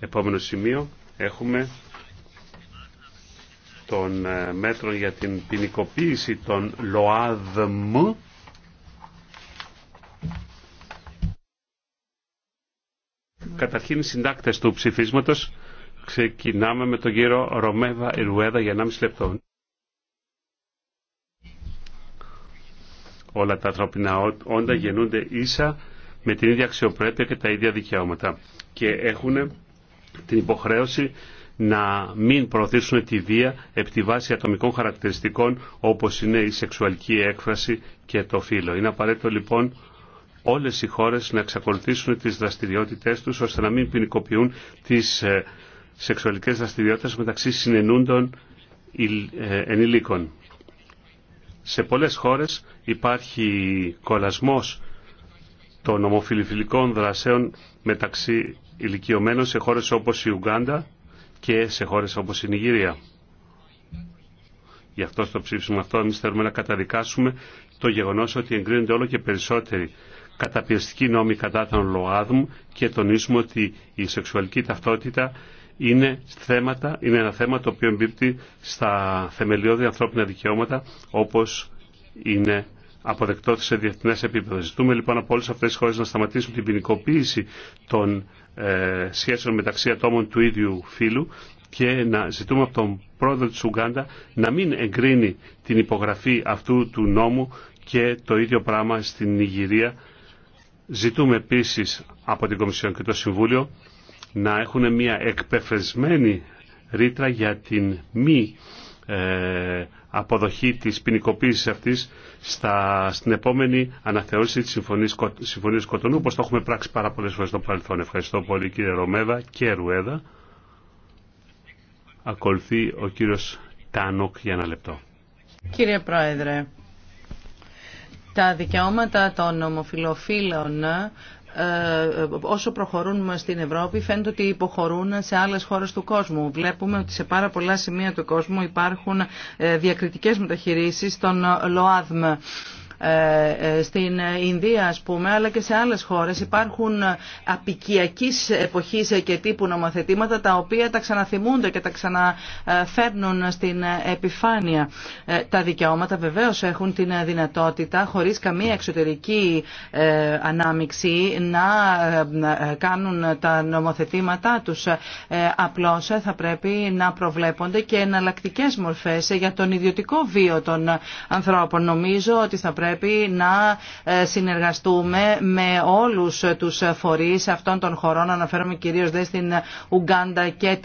Επόμενο σημείο έχουμε των ε, μέτρων για την ποινικοποίηση των ΛΟΑΔΜ Καταρχήν οι συντάκτες του ψηφίσματος ξεκινάμε με τον κύριο Ρωμέβα Ιρουέδα για 1,5 λεπτό. Όλα τα ανθρώπινα όντα γεννούνται ίσα με την ίδια αξιοπρέπεια και τα ίδια δικαιώματα και έχουν την υποχρέωση να μην προωθήσουν τη βία επί τη βάση ατομικών χαρακτηριστικών όπως είναι η σεξουαλική έκφραση και το φύλλο. Είναι απαραίτητο λοιπόν όλες οι χώρες να εξακολουθήσουν τις δραστηριότητές τους ώστε να μην ποινικοποιούν τις ε, σεξουαλικές δραστηριότητες μεταξύ συνενούντων ε, ενηλίκων. Σε πολλές χώρες υπάρχει κολασμός των ομοφιλοφιλικών δρασέων μεταξύ ηλικιωμένο σε χώρες όπως η Ουγγάντα και σε χώρες όπως η Νιγηρία. Γι' αυτό στο ψήφισμα αυτό εμείς θέλουμε να καταδικάσουμε το γεγονός ότι εγκρίνονται όλο και περισσότεροι καταπιεστικοί νόμοι κατά των ΛΟΑΔΜ και τονίσουμε ότι η σεξουαλική ταυτότητα είναι, θέματα, είναι ένα θέμα το οποίο εμπίπτει στα θεμελιώδη ανθρώπινα δικαιώματα όπως είναι αποδεκτό σε διεθνές επίπεδο. Ζητούμε λοιπόν από όλες αυτές τις χώρες να σταματήσουν την ποινικοποίηση των ε, σχέσεων μεταξύ ατόμων του ίδιου φύλου και να ζητούμε από τον πρόεδρο της Ουγγάντα να μην εγκρίνει την υπογραφή αυτού του νόμου και το ίδιο πράγμα στην Ιγυρία. Ζητούμε επίσης από την Κομισιόν και το Συμβούλιο να έχουν μια εκπεφεσμένη ρήτρα για την μη ε, αποδοχή της ποινικοποίηση αυτής στα, στην επόμενη αναθεώρηση της Συμφωνίας, Συμφωνίας Κοτονού, όπως το έχουμε πράξει πάρα πολλές φορές στο παρελθόν. Ευχαριστώ πολύ κύριε Ρωμέδα και Ρουέδα. Ακολουθεί ο κύριος Τάνοκ για ένα λεπτό. Κύριε Πρόεδρε, τα δικαιώματα των ομοφιλοφίλων όσο προχωρούν στην Ευρώπη φαίνεται ότι υποχωρούν σε άλλες χώρες του κόσμου. Βλέπουμε ότι σε πάρα πολλά σημεία του κόσμου υπάρχουν ε, διακριτικές μεταχειρήσεις των ΛΟΑΔΜ. Στην Ινδία ας πούμε αλλά και σε άλλες χώρες υπάρχουν απικιακής εποχής και τύπου νομοθετήματα τα οποία τα ξαναθυμούνται και τα ξαναφέρνουν στην επιφάνεια. Ε, τα δικαιώματα βεβαίως έχουν την δυνατότητα χωρίς καμία εξωτερική ε, ανάμιξη να ε, κάνουν τα νομοθετήματά τους. Απλώς θα πρέπει να προβλέπονται και εναλλακτικέ μορφές για τον ιδιωτικό βίο των ανθρώπων. Νομίζω ότι θα πρέπει πρέπει να ε, συνεργαστούμε με όλους τους φορείς αυτών των χωρών, αναφέρομαι κυρίως δε στην Ουγκάντα και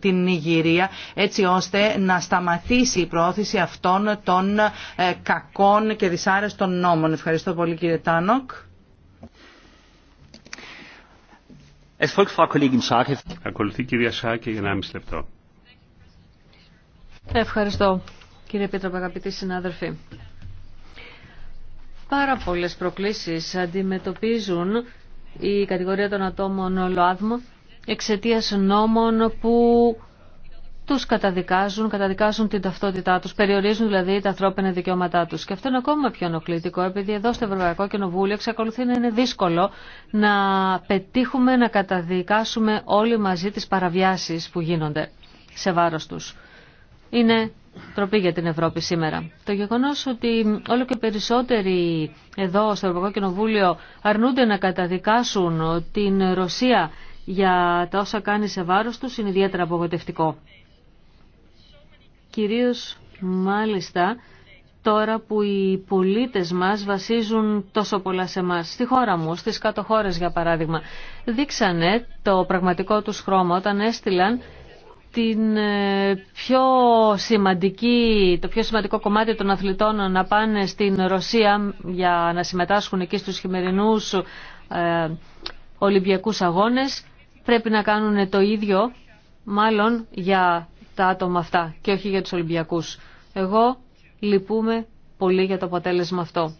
την Νιγηρία, έτσι ώστε να σταματήσει η προώθηση αυτών των ε, κακών και δυσάρεστων νόμων. Ευχαριστώ πολύ κύριε Τάνοκ. Ακολουθεί κυρία Σάκη για 1,5 λεπτό. Ευχαριστώ κύριε Πίτροπα, αγαπητοί συνάδελφοι. Πάρα πολλές προκλήσεις αντιμετωπίζουν η κατηγορία των ατόμων ΛΟΑΔΜΟ εξαιτία νόμων που τους καταδικάζουν, καταδικάζουν την ταυτότητά τους, περιορίζουν δηλαδή τα ανθρώπινα δικαιώματά τους. Και αυτό είναι ακόμα πιο ενοχλητικό, επειδή εδώ στο Ευρωπαϊκό Κοινοβούλιο εξακολουθεί να είναι δύσκολο να πετύχουμε να καταδικάσουμε όλοι μαζί τις παραβιάσεις που γίνονται σε βάρος τους. Είναι τροπή για την Ευρώπη σήμερα. Το γεγονός ότι όλο και περισσότεροι εδώ στο Ευρωπαϊκό Κοινοβούλιο αρνούνται να καταδικάσουν την Ρωσία για τα όσα κάνει σε βάρος τους είναι ιδιαίτερα απογοητευτικό. Κυρίως μάλιστα τώρα που οι πολίτες μας βασίζουν τόσο πολλά σε εμά. Στη χώρα μου, στις κάτω χώρες για παράδειγμα, δείξανε το πραγματικό τους χρώμα όταν έστειλαν την ε, πιο σημαντική, το πιο σημαντικό κομμάτι των αθλητών να πάνε στην Ρωσία για να συμμετάσχουν εκεί στους χειμερινούς ε, Ολυμπιακούς Αγώνες πρέπει να κάνουν το ίδιο μάλλον για τα άτομα αυτά και όχι για τους Ολυμπιακούς. Εγώ λυπούμε πολύ για το αποτέλεσμα αυτό.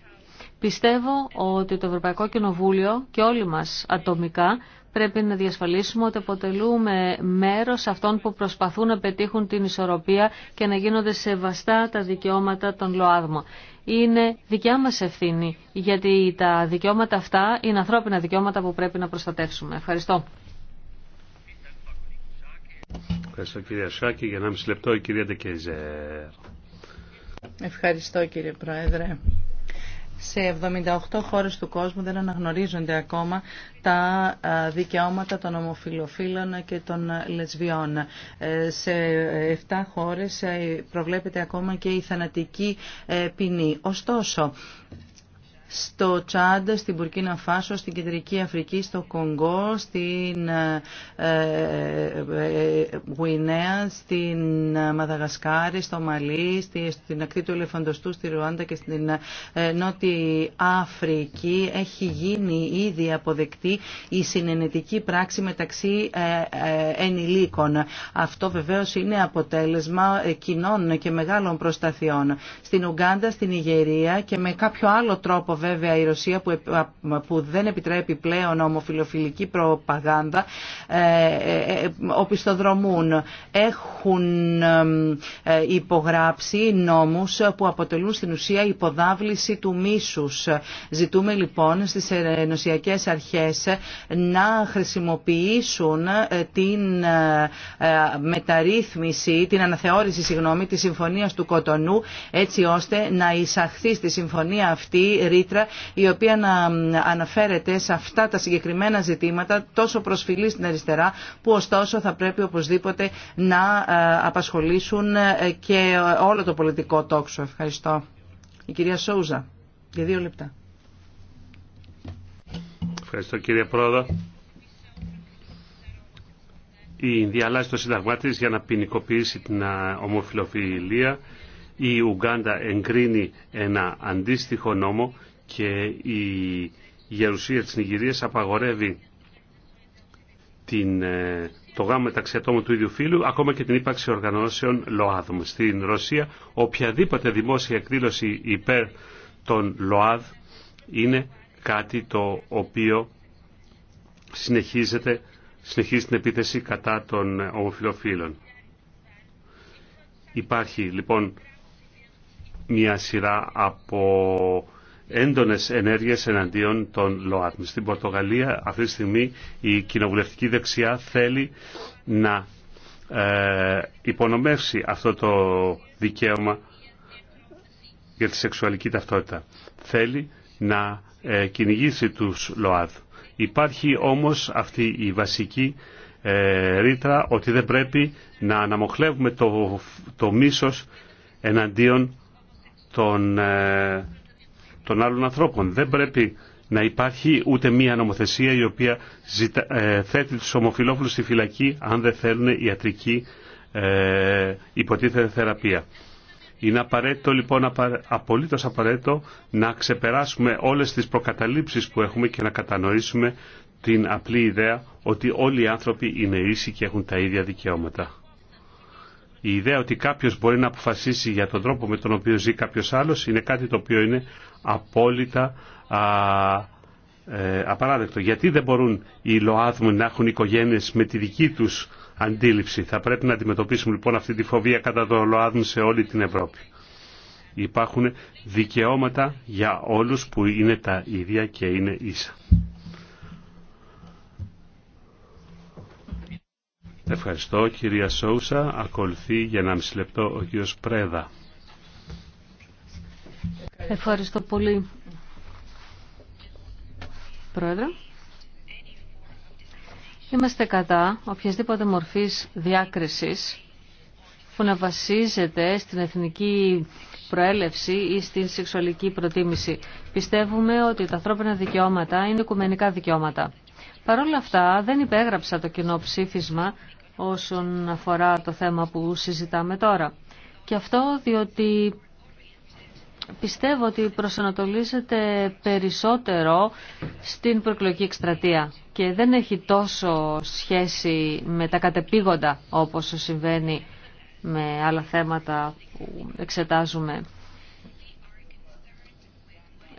Πιστεύω ότι το Ευρωπαϊκό Κοινοβούλιο και όλοι μας ατομικά πρέπει να διασφαλίσουμε ότι αποτελούμε μέρος αυτών που προσπαθούν να πετύχουν την ισορροπία και να γίνονται σεβαστά τα δικαιώματα των ΛΟΑΔΜΟ. Είναι δικιά μας ευθύνη, γιατί τα δικαιώματα αυτά είναι ανθρώπινα δικαιώματα που πρέπει να προστατεύσουμε. Ευχαριστώ. Ευχαριστώ Για λεπτό Ευχαριστώ κύριε Πρόεδρε σε 78 χώρες του κόσμου δεν αναγνωρίζονται ακόμα τα ε, δικαιώματα των ομοφιλοφίλων και των λεσβιών. Ε, σε 7 χώρες ε, προβλέπεται ακόμα και η θανατική ποινή. Ωστόσο, στο Τσάντ, στην Μπουρκίνα Φάσο, στην Κεντρική Αφρική, στο Κονγκό, στην ε, ε, ε, Γουινέα, στην Μαδαγασκάρη, στο Μαλί, στην ακτή του Ελεφαντοστού, στη Ρουάντα και στην Νότια Αφρική. Έχει γίνει ήδη αποδεκτή η συνενετική πράξη μεταξύ ενηλίκων. Αυτό βεβαίως είναι αποτέλεσμα κοινών και μεγάλων προσταθειών. Στην Ουγγάντα, στην Ιγερία και με κάποιο άλλο τρόπο βέβαια η Ρωσία που δεν επιτρέπει πλέον ομοφιλοφιλική προπαγάνδα ε, ε, ε, οπισθοδρομούν. Έχουν υπογράψει νόμους που αποτελούν στην ουσία υποδάβληση του μίσους. Ζητούμε λοιπόν στις ενωσιακές αρχές να χρησιμοποιήσουν την μεταρρύθμιση, την αναθεώρηση συγγνώμη, της Συμφωνίας του Κοτονού έτσι ώστε να εισαχθεί στη Συμφωνία αυτή η οποία να αναφέρεται σε αυτά τα συγκεκριμένα ζητήματα τόσο προσφυλή στην αριστερά που ωστόσο θα πρέπει οπωσδήποτε να ε, απασχολήσουν ε, και όλο το πολιτικό τόξο. Ευχαριστώ. Η κυρία Σόουζα, για δύο λεπτά. Ευχαριστώ κύριε Πρόεδρο. Η Ινδία αλλάζει το σύνταγμά για να ποινικοποιήσει την ε, ομοφιλοφιλία. Η Ουγγάντα εγκρίνει ένα αντίστοιχο νόμο και η γερουσία της Νιγηρίας απαγορεύει την, ε, το γάμο μεταξύ ατόμων του ίδιου φίλου, ακόμα και την ύπαρξη οργανώσεων ΛΟΑΔΟΜ. Στην Ρωσία, οποιαδήποτε δημόσια εκδήλωση υπέρ των ΛΟΑΔ είναι κάτι το οποίο συνεχίζεται, συνεχίζει την επίθεση κατά των ε, ομοφιλοφίλων. Υπάρχει λοιπόν μια σειρά από έντονες ενέργειες εναντίον των ΛΟΑΤΜ. Στην Πορτογαλία αυτή τη στιγμή η κοινοβουλευτική δεξιά θέλει να ε, υπονομεύσει αυτό το δικαίωμα για τη σεξουαλική ταυτότητα. Θέλει να ε, κυνηγήσει τους ΛΟΑΔ. Υπάρχει όμως αυτή η βασική ε, ρήτρα ότι δεν πρέπει να αναμοχλεύουμε το, το μίσος εναντίον των των άλλων ανθρώπων. Δεν πρέπει να υπάρχει ούτε μία νομοθεσία η οποία ε, θέτει τους ομοφιλόφιλους στη φυλακή αν δεν θέλουν ιατρική ε, υποτίθεται θεραπεία. Είναι απαραίτητο λοιπόν, απολύτως απαραίτητο να ξεπεράσουμε όλες τις προκαταλήψεις που έχουμε και να κατανοήσουμε την απλή ιδέα ότι όλοι οι άνθρωποι είναι ίσοι και έχουν τα ίδια δικαιώματα η ιδέα ότι κάποιος μπορεί να αποφασίσει για τον τρόπο με τον οποίο ζει κάποιος άλλος είναι κάτι το οποίο είναι απόλυτα α, ε, απαράδεκτο. Γιατί δεν μπορούν οι ΛΟΑΔΜΟΥ να έχουν οικογένειε με τη δική τους αντίληψη. Θα πρέπει να αντιμετωπίσουμε λοιπόν αυτή τη φοβία κατά των ΛΟΑΔΜ σε όλη την Ευρώπη. Υπάρχουν δικαιώματα για όλους που είναι τα ίδια και είναι ίσα. Ευχαριστώ κυρία Σόουσα. Ακολουθεί για ένα μισή λεπτό ο κύριος Πρέδα. Ευχαριστώ πολύ. Πρόεδρε. Είμαστε κατά οποιασδήποτε μορφής διάκρισης που να βασίζεται στην εθνική προέλευση ή στην σεξουαλική προτίμηση. Πιστεύουμε ότι τα ανθρώπινα δικαιώματα είναι οικουμενικά δικαιώματα. Παρ' όλα αυτά δεν υπέγραψα το κοινό ψήφισμα όσον αφορά το θέμα που συζητάμε τώρα. Και αυτό διότι πιστεύω ότι προσανατολίζεται περισσότερο στην προκλογική εκστρατεία και δεν έχει τόσο σχέση με τα κατεπήγοντα όπως συμβαίνει με άλλα θέματα που εξετάζουμε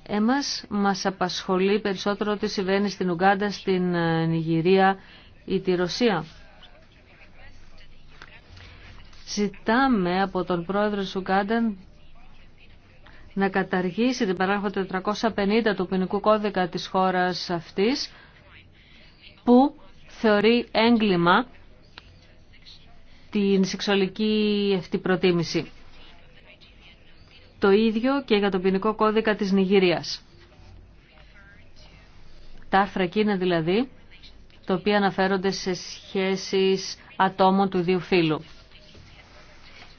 Εμάς μας απασχολεί περισσότερο ότι συμβαίνει στην Ουγκάντα, στην ε, Νιγηρία ή τη Ρωσία. Ζητάμε από τον πρόεδρο της Ουγκάντα να καταργήσει την παράγραφο 450 του ποινικού κώδικα της χώρας αυτής που θεωρεί έγκλημα την σεξουαλική αυτή το ίδιο και για το ποινικό κώδικα της Νιγηρίας. Τα άρθρα εκείνα δηλαδή, τα οποία αναφέρονται σε σχέσεις ατόμων του ίδιου φύλου.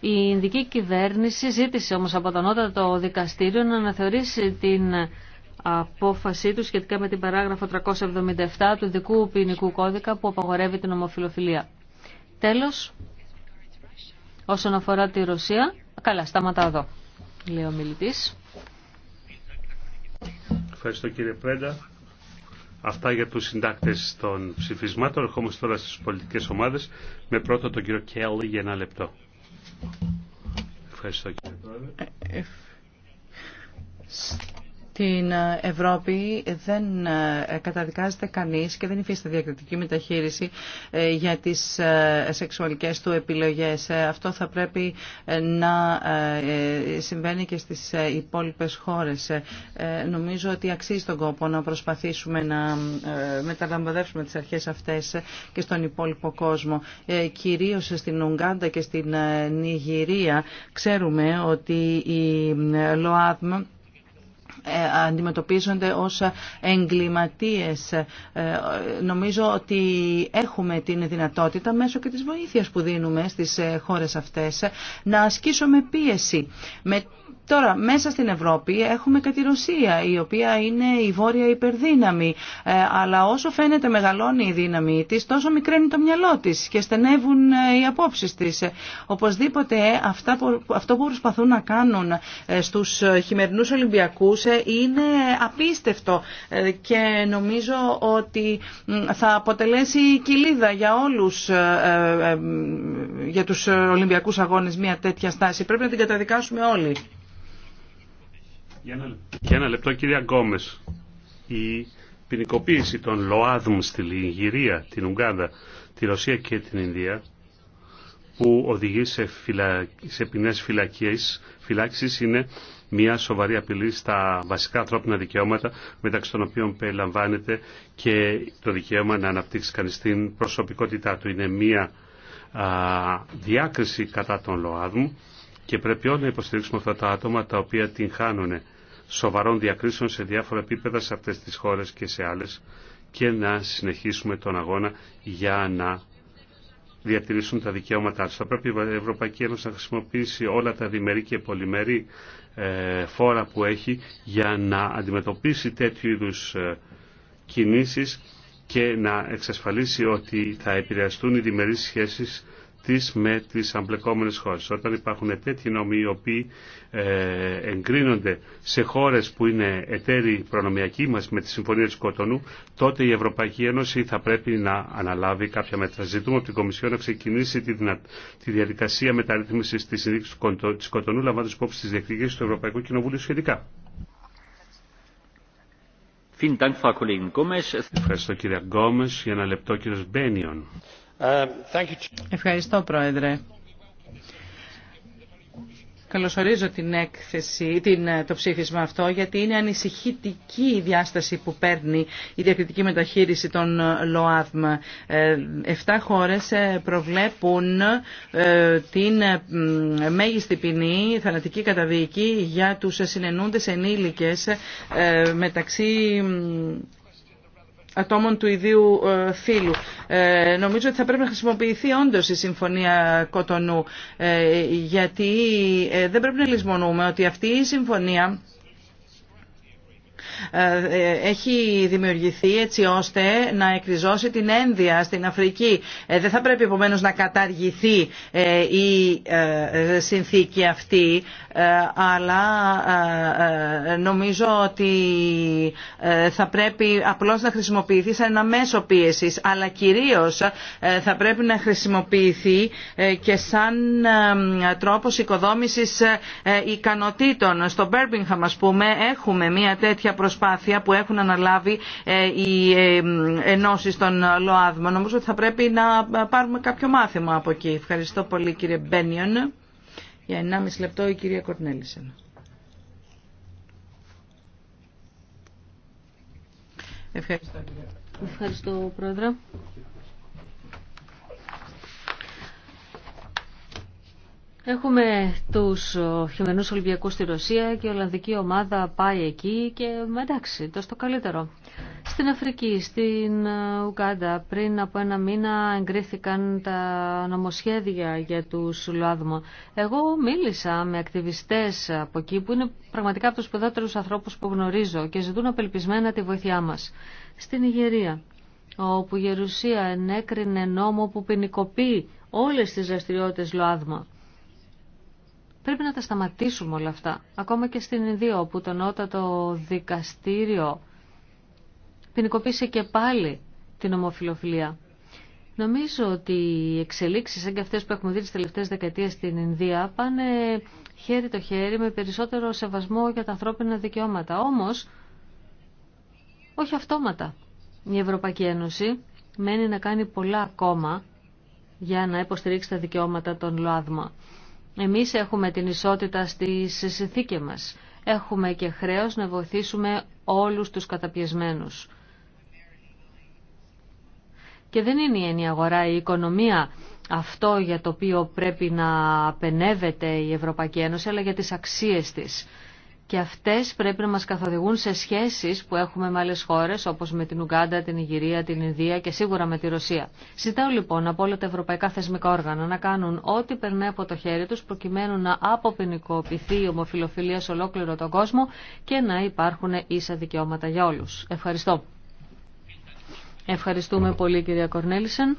Η Ινδική κυβέρνηση ζήτησε όμως από το Δικαστήριο να αναθεωρήσει την απόφασή του σχετικά με την παράγραφο 377 του Δικού Ποινικού Κώδικα που απαγορεύει την ομοφιλοφιλία. Τέλος, όσον αφορά τη Ρωσία, καλά, σταματάω εδώ. Λέω ο μιλητής. Ευχαριστώ κύριε Πρέντα. Αυτά για τους συντάκτες των ψηφισμάτων. Ερχόμαστε τώρα στις πολιτικές ομάδες. Με πρώτο τον κύριο Κέλλη για ένα λεπτό. Ευχαριστώ κύριε Πρέντα την Ευρώπη δεν ε, καταδικάζεται κανείς και δεν υφίσταται διακριτική μεταχείριση ε, για τις ε, σεξουαλικές του επιλογές. Αυτό θα πρέπει να συμβαίνει και στις υπόλοιπες χώρες. Νομίζω ότι αξίζει τον κόπο να προσπαθήσουμε να μεταλαμπαδεύσουμε τις αρχές αυτές και στον υπόλοιπο κόσμο. Κυρίως στην Ουγγάντα και στην Νιγηρία ξέρουμε ότι η ΛΟΑΔΜ ε, αντιμετωπίζονται ως εγκληματίες. Ε, νομίζω ότι έχουμε την δυνατότητα μέσω και της βοήθειας που δίνουμε στις ε, χώρες αυτές να ασκήσουμε πίεση Τώρα, μέσα στην Ευρώπη έχουμε και τη Ρωσία, η οποία είναι η βόρεια υπερδύναμη. Ε, αλλά όσο φαίνεται μεγαλώνει η δύναμη της, τόσο μικραίνει το μυαλό της και στενεύουν ε, οι απόψεις της. Ε, οπωσδήποτε αυτά αυτό που προσπαθούν να κάνουν στους χειμερινούς Ολυμπιακούς είναι απίστευτο και νομίζω ότι θα αποτελέσει κοιλίδα για όλους για τους Ολυμπιακούς Αγώνες μια τέτοια στάση. Πρέπει να την καταδικάσουμε όλοι. Για ένα λεπτό, Για ένα κυρία Γκόμε. Η ποινικοποίηση των ΛΟΑΔΜ στη Λιγυρία, την Ουγγάντα, τη Ρωσία και την Ινδία που οδηγεί σε, φυλα... σε ποινές είναι μια σοβαρή απειλή στα βασικά ανθρώπινα δικαιώματα μεταξύ των οποίων περιλαμβάνεται και το δικαίωμα να αναπτύξει κανείς την προσωπικότητά του. Είναι μια α, διάκριση κατά των ΛΟΑΔΜ και πρέπει όλοι να υποστηρίξουμε αυτά τα άτομα τα οποία την χάνουν σοβαρών διακρίσεων σε διάφορα επίπεδα σε αυτές τις χώρες και σε άλλες και να συνεχίσουμε τον αγώνα για να διατηρήσουν τα δικαιώματά τους. Θα πρέπει η Ευρωπαϊκή Ένωση να χρησιμοποιήσει όλα τα διμερή και πολυμερή ε, φόρα που έχει για να αντιμετωπίσει τέτοιου είδους ε, κινήσεις και να εξασφαλίσει ότι θα επηρεαστούν οι διμερείς σχέσεις με τις αμπλεκόμενες χώρες. Όταν υπάρχουν τέτοιοι νόμοι οι οποίοι ε, εγκρίνονται σε χώρες που είναι εταίροι προνομιακοί μας με τη Συμφωνία της Κοτονού, τότε η Ευρωπαϊκή Ένωση θα πρέπει να αναλάβει κάποια μέτρα. Ζητούμε από την Κομισιόν να ξεκινήσει τη, δυνα... τη διαδικασία μεταρρύθμισης της συνδίκης της Κοτονού, λαμβάνοντας υπόψη τις διεκδικήσεις του Ευρωπαϊκού Κοινοβουλίου σχετικά. Ευχαριστώ κύριε Γκόμες. Για ένα λεπτό κύριος Μπένιον. Um, Ευχαριστώ, Πρόεδρε. Καλωσορίζω την έκθεση, το ψήφισμα αυτό, γιατί είναι ανησυχητική η διάσταση που παίρνει η διακριτική μεταχείριση των ΛΟΑΔΜ. Ε, εφτά χώρες ε, προβλέπουν ε, την μέγιστη ποινή, θανατική καταδίκη για τους συνενούντες ενήλικες μεταξύ ατόμων του ιδίου ε, φύλου. Ε, νομίζω ότι θα πρέπει να χρησιμοποιηθεί όντω η Συμφωνία Κοτονού ε, γιατί δεν πρέπει να λησμονούμε ότι αυτή η Συμφωνία ε, ε, έχει δημιουργηθεί έτσι ώστε να εκριζώσει την ένδια στην Αφρική. Ε, δεν θα πρέπει επομένως να καταργηθεί η συνθήκη αυτή, αλλά νομίζω ότι θα πρέπει απλώς να χρησιμοποιηθεί σαν ένα μέσο πίεσης, αλλά κυρίως θα πρέπει να χρησιμοποιηθεί και σαν τρόπος οικοδόμησης ικανοτήτων. Στο Birmingham, ας πούμε, έχουμε μια τέτοια προσπάθεια που έχουν αναλάβει ε, οι ε, ενώσει των ΛΟΑΔΜΟ. Νομίζω ότι θα πρέπει να πάρουμε κάποιο μάθημα από εκεί. Ευχαριστώ πολύ κύριε Μπένιον. Για 1,5 λεπτό η κυρία Κορνέλησεν. Ευχαριστώ, Ευχαριστώ, Πρόεδρε. Έχουμε τους χειμερινούς Ολυμπιακούς στη Ρωσία και η Ολλανδική ομάδα πάει εκεί και εντάξει, το καλύτερο. Στην Αφρική, στην ε, Ουγκάντα, πριν από ένα μήνα εγκρίθηκαν τα νομοσχέδια για τους ΛΟΑΔΜΟ. Εγώ μίλησα με ακτιβιστές από εκεί που είναι πραγματικά από τους σπουδάτερους ανθρώπους που γνωρίζω και ζητούν απελπισμένα τη βοήθειά μας. Στην Ιγερία, όπου η Γερουσία ενέκρινε νόμο που ποινικοποιεί όλες τις δραστηριότητε ΛΟΑΔΜΟ. Πρέπει να τα σταματήσουμε όλα αυτά. Ακόμα και στην Ινδία, όπου το νότατο δικαστήριο ποινικοποίησε και πάλι την ομοφιλοφιλία. Νομίζω ότι οι εξελίξεις σαν και αυτές που έχουμε δει τις τελευταίες δεκαετίες στην Ινδία πάνε χέρι το χέρι με περισσότερο σεβασμό για τα ανθρώπινα δικαιώματα. Όμως, όχι αυτόματα. Η Ευρωπαϊκή Ένωση μένει να κάνει πολλά ακόμα για να υποστηρίξει τα δικαιώματα των ΛΟΑΔΜΑ. Εμείς έχουμε την ισότητα στις συνθήκη μας. Έχουμε και χρέος να βοηθήσουμε όλους τους καταπιεσμένους. Και δεν είναι η έννοια αγορά, η οικονομία αυτό για το οποίο πρέπει να απενεύεται η Ευρωπαϊκή Ένωση, αλλά για τις αξίες της και αυτές πρέπει να μας καθοδηγούν σε σχέσεις που έχουμε με άλλες χώρες όπως με την Ουγκάντα, την Ιγυρία, την Ινδία και σίγουρα με τη Ρωσία. Ζητάω λοιπόν από όλα τα ευρωπαϊκά θεσμικά όργανα να κάνουν ό,τι περνάει από το χέρι τους προκειμένου να αποποινικοποιηθεί η ομοφιλοφιλία σε ολόκληρο τον κόσμο και να υπάρχουν ίσα δικαιώματα για όλους. Ευχαριστώ. Ευχαριστούμε πολύ κυρία Κορνέλισεν.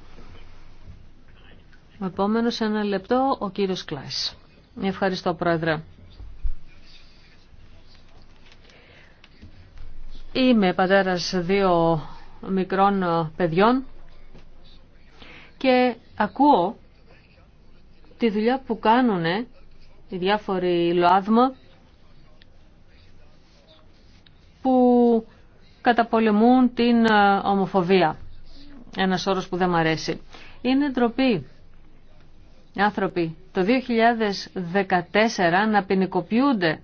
Ο επόμενος ένα λεπτό ο κύριος Κλάις. Ευχαριστώ πρόεδρε. Είμαι πατέρας δύο μικρών παιδιών και ακούω τη δουλειά που κάνουν οι διάφοροι ΛΟΑΔΜΑ που καταπολεμούν την ε, ομοφοβία. Ένας όρος που δεν μ' αρέσει. Είναι ντροπή. Άνθρωποι το 2014 να ποινικοποιούνται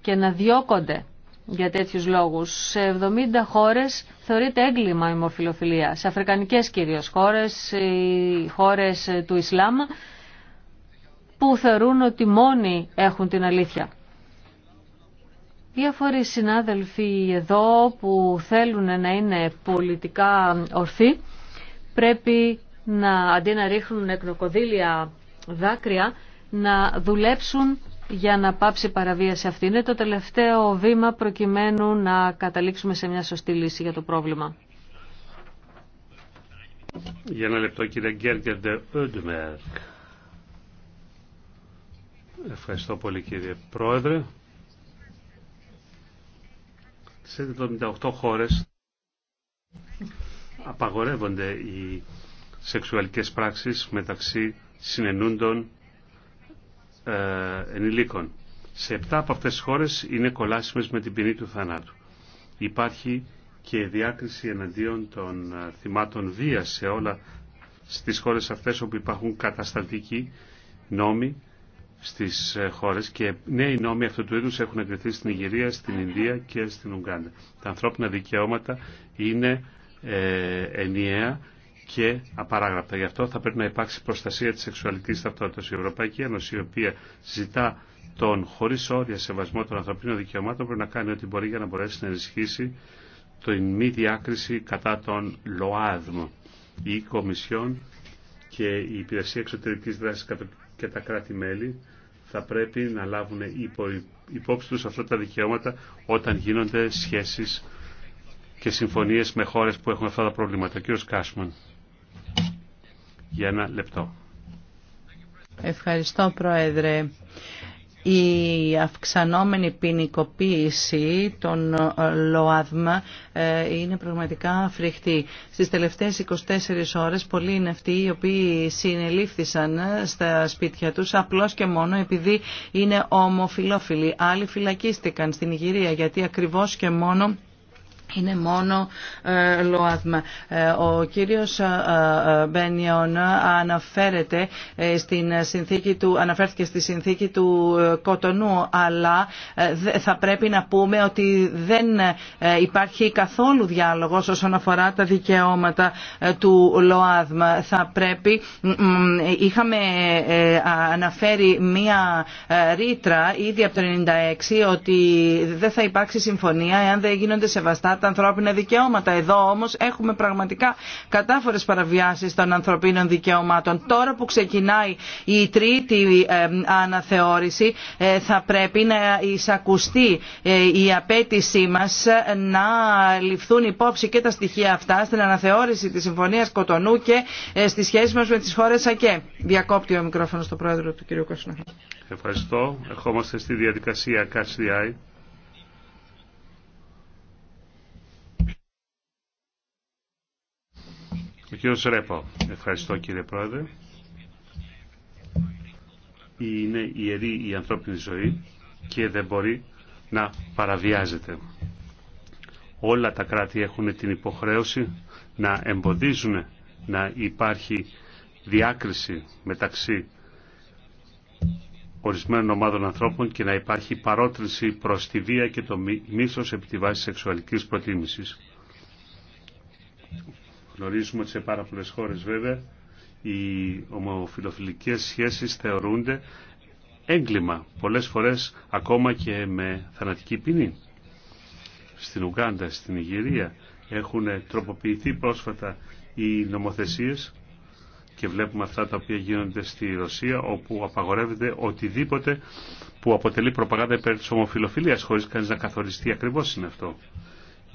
και να διώκονται για τέτοιους λόγους. Σε 70 χώρε θεωρείται έγκλημα η μορφιλοφιλία. Σε αφρικανικές κυρίως χώρες, οι χώρες του Ισλάμ, που θεωρούν ότι μόνοι έχουν την αλήθεια. Διάφοροι συνάδελφοι εδώ που θέλουν να είναι πολιτικά ορθοί πρέπει να αντί να ρίχνουν εκνοκοδίλια δάκρυα να δουλέψουν για να πάψει παραβίαση αυτή. Είναι το τελευταίο βήμα προκειμένου να καταλήξουμε σε μια σωστή λύση για το πρόβλημα. Για ένα λεπτό κύριε Γκέργκερντε Ούντμερκ. Ευχαριστώ πολύ κύριε Πρόεδρε. Σε 78 χώρες απαγορεύονται οι σεξουαλικές πράξεις μεταξύ συνενούντων ε, ενηλίκων. Σε 7 από αυτές τις χώρες είναι κολάσιμες με την ποινή του θανάτου. Υπάρχει και διάκριση εναντίον των ε, θυμάτων βίας σε όλα στις χώρες αυτές όπου υπάρχουν κατασταλτικοί νόμοι στις ε, χώρες και νέοι νόμοι αυτού του είδους έχουν εγκριθεί στην Ιγυρία, στην Ινδία και στην Ουγγάντα. Τα ανθρώπινα δικαιώματα είναι ενιαία και απαράγραπτα. Γι' αυτό θα πρέπει να υπάρξει προστασία της σεξουαλικής ταυτότητας. Η Ευρωπαϊκή Ένωση, η οποία ζητά τον χωρί όρια σεβασμό των ανθρωπίνων δικαιωμάτων, πρέπει να κάνει ό,τι μπορεί για να μπορέσει να ενισχύσει την μη διάκριση κατά τον ΛΟΑΔΜ. Η Κομισιόν και η Υπηρεσία Εξωτερικής Δράσης και τα κράτη-μέλη θα πρέπει να λάβουν υπόψη τους αυτά τα δικαιώματα όταν γίνονται σχέσεις και συμφωνίες με χώρες που έχουν αυτά τα προβλήματα. Κύριος Κάσμαν λεπτό. Ευχαριστώ Πρόεδρε. Η αυξανόμενη ποινικοποίηση των ΛΟΑΔΜΑ ε, είναι πραγματικά φρικτή. Στις τελευταίες 24 ώρες πολλοί είναι αυτοί οι οποίοι συνελήφθησαν στα σπίτια τους απλώς και μόνο επειδή είναι ομοφιλόφιλοι. Άλλοι φυλακίστηκαν στην Ιγυρία γιατί ακριβώς και μόνο είναι μόνο ε, ΛΟΑΔΜΑ. Ε, ο κύριος ε, Μπένιον αναφέρεται στην συνθήκη του, αναφέρθηκε στη συνθήκη του Κοτονού, αλλά θα πρέπει να πούμε ότι δεν υπάρχει καθόλου διάλογος όσον αφορά τα δικαιώματα του ΛΟΑΔΜΑ. Θα πρέπει, είχαμε αναφέρει μία ρήτρα ήδη από το 1996 ότι δεν θα υπάρξει συμφωνία εάν δεν γίνονται σεβαστά τα ανθρώπινα δικαιώματα. Εδώ όμως έχουμε πραγματικά κατάφορες παραβιάσεις των ανθρωπίνων δικαιωμάτων. Τώρα που ξεκινάει η τρίτη ε, αναθεώρηση ε, θα πρέπει να εισακουστεί ε, η απέτησή μας να ληφθούν υπόψη και τα στοιχεία αυτά στην αναθεώρηση της Συμφωνίας Κοτονού και στη σχέση μας με τις χώρες ΑΚΕ. Διακόπτει ο μικρόφωνο στον Πρόεδρο του κ. Κωσούνα. Ευχαριστώ. Ερχόμαστε στη διαδικασία Ευχαριστώ κύριε Πρόεδρε. Είναι ιερή η ανθρώπινη ζωή και δεν μπορεί να παραβιάζεται. Όλα τα κράτη έχουν την υποχρέωση να εμποδίζουν να υπάρχει διάκριση μεταξύ ορισμένων ομάδων ανθρώπων και να υπάρχει παρότριση προς τη βία και το μίσος επί τη βάση σεξουαλικής προτίμησης. Γνωρίζουμε ότι σε πάρα πολλέ χώρε βέβαια οι ομοφιλοφιλικές σχέσει θεωρούνται έγκλημα, πολλέ φορέ ακόμα και με θανατική ποινή. Στην Ουγγάντα, στην Ιγυρία έχουν τροποποιηθεί πρόσφατα οι νομοθεσίε και βλέπουμε αυτά τα οποία γίνονται στη Ρωσία όπου απαγορεύεται οτιδήποτε που αποτελεί προπαγάνδα υπέρ της ομοφιλοφιλίας χωρίς κανείς να καθοριστεί ακριβώς είναι αυτό.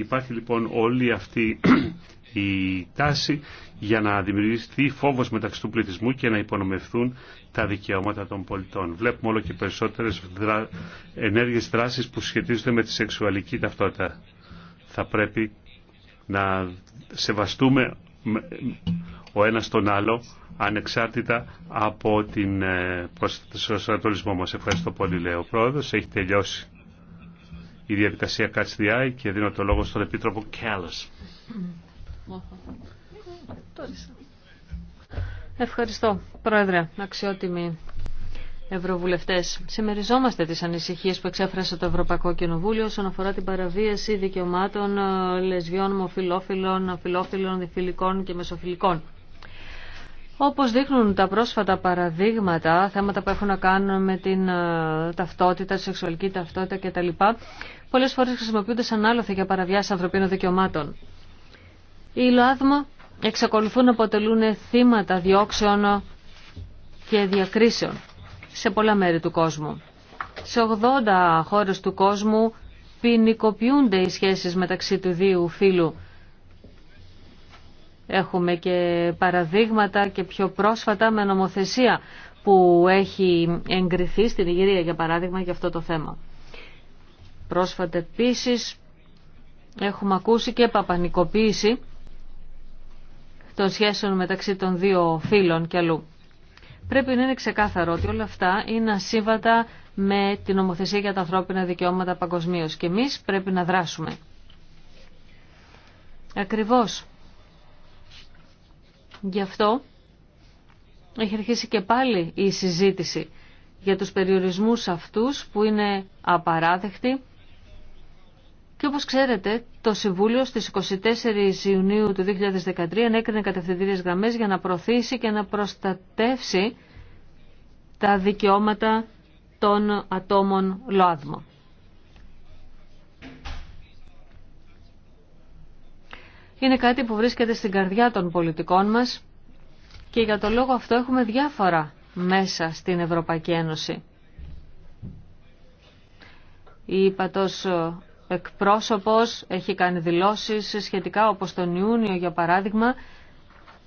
Υπάρχει λοιπόν όλη αυτή η τάση για να δημιουργηθεί φόβος μεταξύ του πληθυσμού και να υπονομευθούν τα δικαιώματα των πολιτών. Βλέπουμε όλο και περισσότερες δρα... ενέργειες δράσεις που σχετίζονται με τη σεξουαλική ταυτότητα. Θα πρέπει να σεβαστούμε ο ένας τον άλλο ανεξάρτητα από την ε, προσανατολισμό μας. Ευχαριστώ πολύ, λέει ο Πρόεδρος. Έχει τελειώσει η διαδικασία Κατσδιάη και δίνω το λόγο στον Επίτροπο Κέλλος. Ευχαριστώ, Πρόεδρε, αξιότιμοι Ευρωβουλευτές. Συμμεριζόμαστε τις ανησυχίες που εξέφρασε το Ευρωπαϊκό Κοινοβούλιο όσον αφορά την παραβίαση δικαιωμάτων ε, λεσβιών, μοφιλόφιλων, αφιλόφιλων, διφιλικών και μεσοφιλικών. Όπως δείχνουν τα πρόσφατα παραδείγματα, θέματα που έχουν να κάνουν με την ε, ταυτότητα, τη σεξουαλική ταυτότητα κτλ. Πολλές φορές χρησιμοποιούνται σαν άλοθη για παραβιάση ανθρωπίνων δικαιωμάτων. Οι ΛΟΑΔΜΑ εξακολουθούν να αποτελούν θύματα διώξεων και διακρίσεων σε πολλά μέρη του κόσμου. Σε 80 χώρες του κόσμου ποινικοποιούνται οι σχέσεις μεταξύ του δύο φύλου Έχουμε και παραδείγματα και πιο πρόσφατα με νομοθεσία που έχει εγκριθεί στην Ιγυρία για παράδειγμα για αυτό το θέμα. Πρόσφατα επίση έχουμε ακούσει και παπανικοποίηση των σχέσεων μεταξύ των δύο φίλων και αλλού. Πρέπει να είναι ξεκάθαρο ότι όλα αυτά είναι ασύμβατα με την νομοθεσία για τα ανθρώπινα δικαιώματα παγκοσμίω και εμεί πρέπει να δράσουμε. Ακριβώς Γι' αυτό έχει αρχίσει και πάλι η συζήτηση για τους περιορισμούς αυτούς που είναι απαράδεκτοι και όπως ξέρετε, το Συμβούλιο στις 24 Ιουνίου του 2013 έκρινε κατευθυντήριες γραμμές για να προωθήσει και να προστατεύσει τα δικαιώματα των ατόμων ΛΟΑΔΜΟ. είναι κάτι που βρίσκεται στην καρδιά των πολιτικών μας και για το λόγο αυτό έχουμε διάφορα μέσα στην Ευρωπαϊκή Ένωση. Η Πατός ε, εκπρόσωπος έχει κάνει δηλώσεις σχετικά όπως τον Ιούνιο για παράδειγμα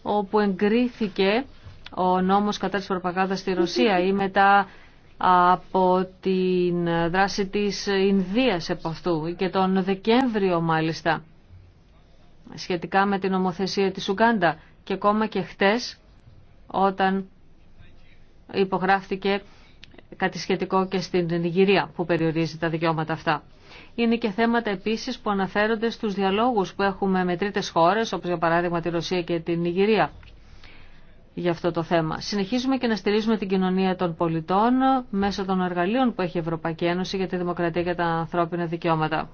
όπου εγκρίθηκε ο νόμος κατά της προπαγάνδας στη Ρωσία ή μετά από την δράση της Ινδίας επ' αυτού και τον Δεκέμβριο μάλιστα σχετικά με την ομοθεσία της Ουγκάντα και ακόμα και χτες όταν υπογράφτηκε κάτι σχετικό και στην Νιγηρία που περιορίζει τα δικαιώματα αυτά. Είναι και θέματα επίσης που αναφέρονται στους διαλόγους που έχουμε με τρίτες χώρες, όπως για παράδειγμα τη Ρωσία και την Νιγηρία, για αυτό το θέμα. Συνεχίζουμε και να στηρίζουμε την κοινωνία των πολιτών μέσω των εργαλείων που έχει η Ευρωπαϊκή Ένωση για τη Δημοκρατία και τα ανθρώπινα δικαιώματα.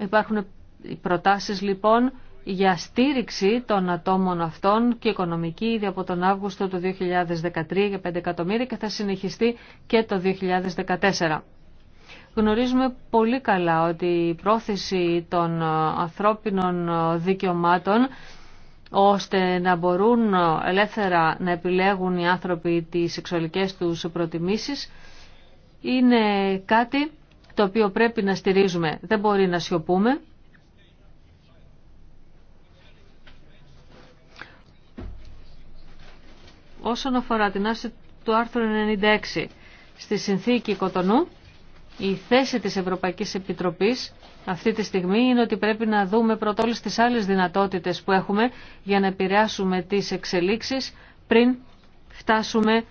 Υπάρχουν οι προτάσεις λοιπόν για στήριξη των ατόμων αυτών και οικονομική ήδη από τον Αύγουστο του 2013 για 5 εκατομμύρια και θα συνεχιστεί και το 2014. Γνωρίζουμε πολύ καλά ότι η πρόθεση των ανθρώπινων δικαιωμάτων ώστε να μπορούν ελεύθερα να επιλέγουν οι άνθρωποι τις σεξουαλικές τους προτιμήσεις είναι κάτι το οποίο πρέπει να στηρίζουμε. Δεν μπορεί να σιωπούμε Όσον αφορά την άρση του άρθρου 96 στη συνθήκη Κοτονού, η θέση της Ευρωπαϊκής Επιτροπής αυτή τη στιγμή είναι ότι πρέπει να δούμε πρώτα όλες τις άλλες δυνατότητες που έχουμε για να επηρεάσουμε τις εξελίξεις πριν φτάσουμε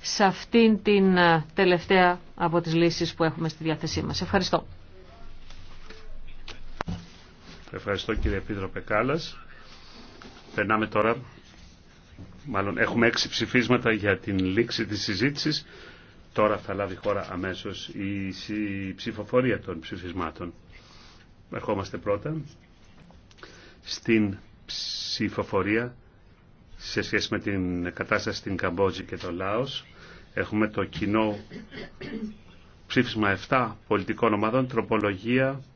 σε αυτήν την ε, τελευταία από τις λύσεις που έχουμε στη διάθεσή μας. Ευχαριστώ. Ευχαριστώ κύριε Επίτροπε Κάλλας. Περνάμε τώρα μάλλον έχουμε έξι ψηφίσματα για την λήξη της συζήτησης. Τώρα θα λάβει χώρα αμέσως η ψηφοφορία των ψηφισμάτων. Ερχόμαστε πρώτα στην ψηφοφορία σε σχέση με την κατάσταση στην Καμπότζη και το Λάος. Έχουμε το κοινό ψήφισμα 7 πολιτικών ομάδων, τροπολογία